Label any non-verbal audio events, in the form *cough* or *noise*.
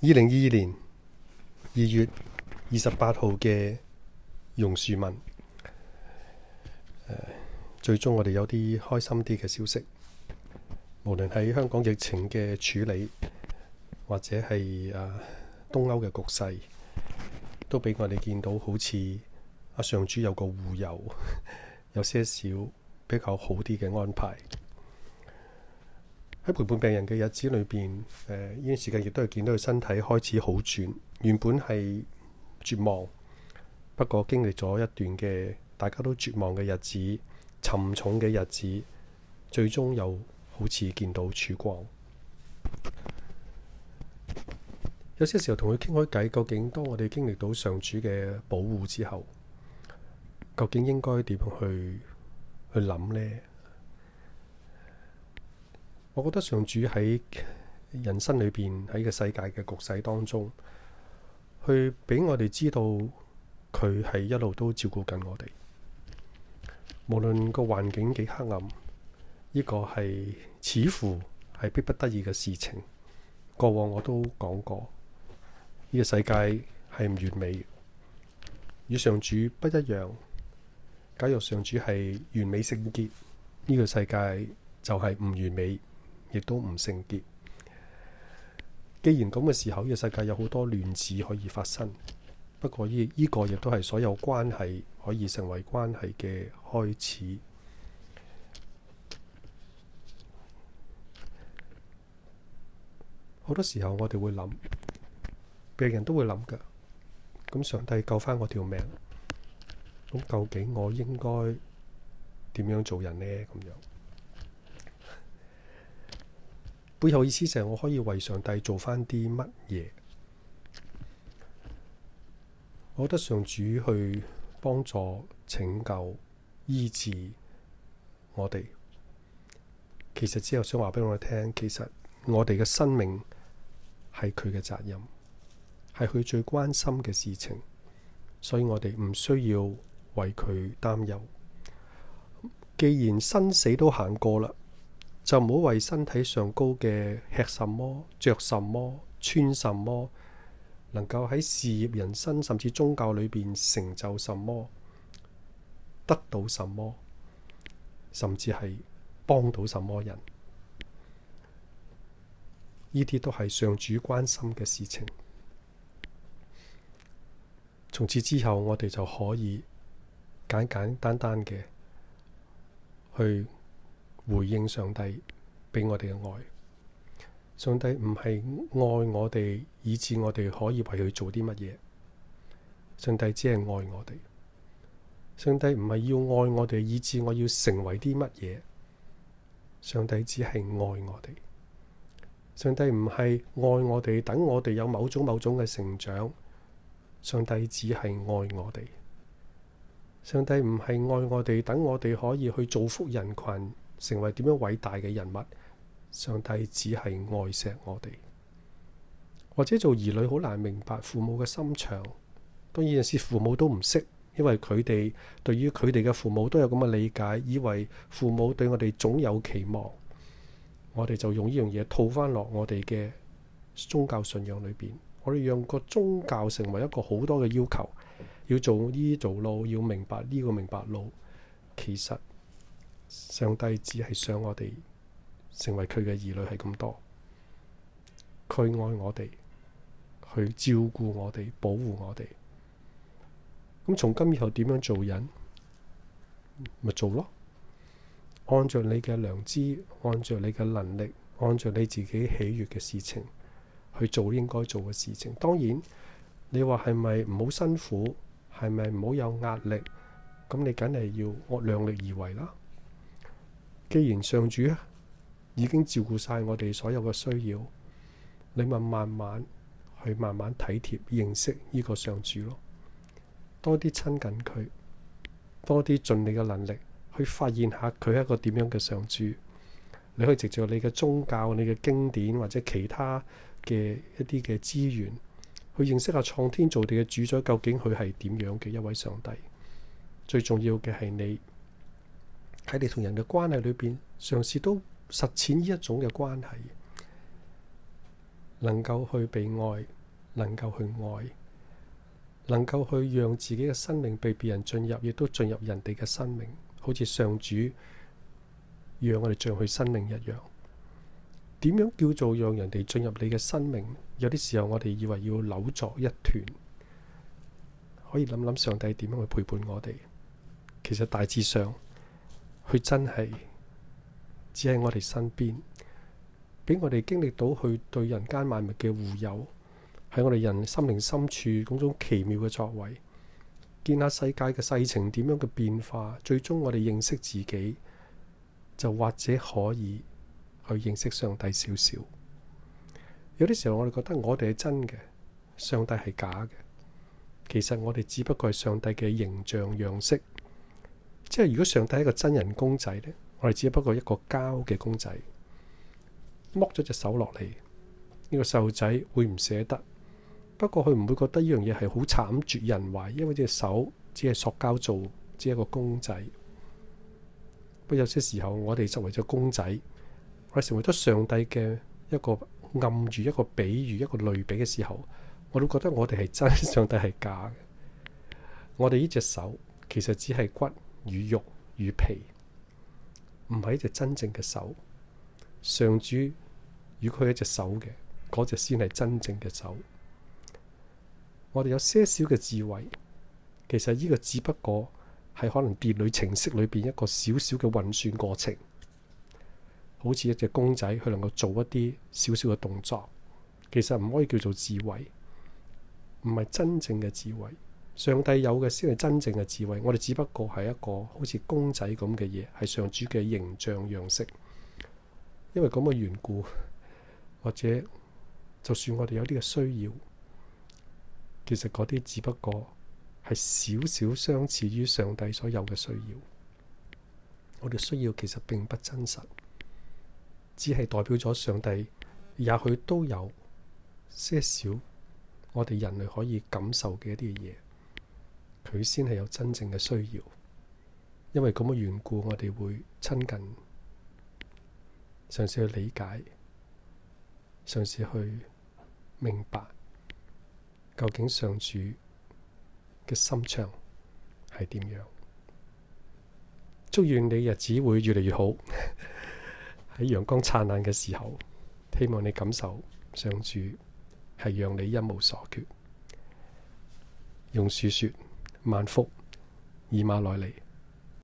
二零二二年二月二十八號嘅榕樹文，誒，最終我哋有啲開心啲嘅消息，無論喺香港疫情嘅處理，或者係誒、呃、東歐嘅局勢，都俾我哋見到好似阿上主有個護佑，有些少比較好啲嘅安排。喺陪伴病人嘅日子裏邊，誒呢段時間亦都係見到佢身體開始好轉。原本係絕望，不過經歷咗一段嘅大家都絕望嘅日子、沉重嘅日子，最終又好似見到曙光。有些時候同佢傾開偈，究竟當我哋經歷到上主嘅保護之後，究竟應該點樣去去諗呢？我覺得上主喺人生裏邊，喺個世界嘅局勢當中，去俾我哋知道佢係一路都照顧緊我哋。無論個環境幾黑暗，呢個係似乎係逼不得已嘅事情。過往我都講過，呢個世界係唔完美，與上主不一樣。假若上主係完美聖潔，呢個世界就係唔完美。亦都唔成結。既然咁嘅時候，呢個世界有好多亂子可以發生。不過呢依個亦都係所有關係可以成為關係嘅開始。好多時候我哋會諗，病人都會諗噶。咁上帝救翻我條命，咁究竟我應該點樣做人呢？咁樣。背後意思就係我可以為上帝做翻啲乜嘢？我覺得上主去幫助、拯救、醫治我哋，其實之後想話俾我哋聽，其實我哋嘅生命係佢嘅責任，係佢最關心嘅事情，所以我哋唔需要為佢擔憂。既然生死都行過啦。就唔好為身體上高嘅吃什麼、着什麼、穿什麼，能夠喺事業、人生甚至宗教裏邊成就什麼，得到什麼，甚至係幫到什麼人，呢啲都係上主關心嘅事情。從此之後，我哋就可以簡簡單單嘅去。回應上帝俾我哋嘅愛，上帝唔係愛我哋，以致我哋可以為佢做啲乜嘢。上帝只係愛我哋。上帝唔係要愛我哋，以致我要成為啲乜嘢。上帝只係愛我哋。上帝唔係愛我哋，等我哋有某種某種嘅成長。上帝只係愛我哋。上帝唔係愛我哋，等我哋可以去造福人群。成為點樣偉大嘅人物，上帝只係愛錫我哋。或者做兒女好難明白父母嘅心腸，當然有陣時父母都唔識，因為佢哋對於佢哋嘅父母都有咁嘅理解，以為父母對我哋總有期望。我哋就用呢樣嘢套翻落我哋嘅宗教信仰裏邊，我哋讓個宗教成為一個好多嘅要求，要做呢做路，要明白呢個明白路，其實。上帝只係想我哋成為佢嘅兒女，係咁多。佢愛我哋，去照顧我哋，保護我哋。咁從今以後點樣做人，咪做咯。按照你嘅良知，按照你嘅能力，按照你自己喜悅嘅事情去做，應該做嘅事情。當然，你話係咪唔好辛苦，係咪唔好有壓力？咁你梗係要我量力而為啦。既然上主啊，已經照顧晒我哋所有嘅需要，你咪慢慢去慢慢體貼認識呢個上主咯，多啲親近佢，多啲盡你嘅能力去發現下佢係一個點樣嘅上主。你可以藉著你嘅宗教、你嘅經典或者其他嘅一啲嘅資源，去認識下創天造地嘅主宰，究竟佢係點樣嘅一位上帝。最重要嘅係你。喺你同人嘅關係裏邊，嘗試都實踐呢一種嘅關係，能夠去被愛，能夠去愛，能夠去讓自己嘅生命被別人進入，亦都進入人哋嘅生命，好似上主讓我哋進入佢生命一樣。點樣叫做讓人哋進入你嘅生命？有啲時候我哋以為要扭作一團，可以諗諗上帝點樣去陪伴我哋。其實大致上，佢真係只喺我哋身邊，俾我哋經歷到佢對人間萬物嘅護佑，喺我哋人心靈深處嗰種奇妙嘅作為，見下世界嘅世情點樣嘅變化，最終我哋認識自己，就或者可以去認識上帝少少。有啲時候我哋覺得我哋係真嘅，上帝係假嘅，其實我哋只不過係上帝嘅形象樣式。即係如果上帝係一個真人公仔呢，我哋只不過一個膠嘅公仔，剝咗隻手落嚟，呢個細路仔會唔捨得？不過佢唔會覺得呢樣嘢係好慘絕人懷，因為隻手只係塑膠做，只係一個公仔。不過有些時候，我哋作為咗公仔，我哋成為咗上帝嘅一個暗喻、一個比喻、一個類比嘅時候，我都覺得我哋係真，上帝係假。我哋呢隻手其實只係骨。如肉如皮，唔係一隻真正嘅手。上主如果佢係一隻手嘅嗰隻先係真正嘅手。我哋有些少嘅智慧，其實呢個只不過係可能電腦程式裏邊一個小小嘅運算過程，好似一隻公仔佢能夠做一啲小小嘅動作，其實唔可以叫做智慧，唔係真正嘅智慧。上帝有嘅先係真正嘅智慧，我哋只不過係一個好似公仔咁嘅嘢，係上主嘅形象樣式。因為咁嘅緣故，或者就算我哋有啲嘅需要，其實嗰啲只不過係少少相似於上帝所有嘅需要。我哋需要其實並不真實，只係代表咗上帝，也許都有些少我哋人類可以感受嘅一啲嘢。佢先係有真正嘅需要，因為咁嘅緣故，我哋會親近，嘗試去理解，嘗試去明白究竟上主嘅心腸係點樣。祝願你日子會越嚟越好，喺 *laughs* 陽光燦爛嘅時候，希望你感受上主係讓你一無所缺，用說說。萬福以馬來尼。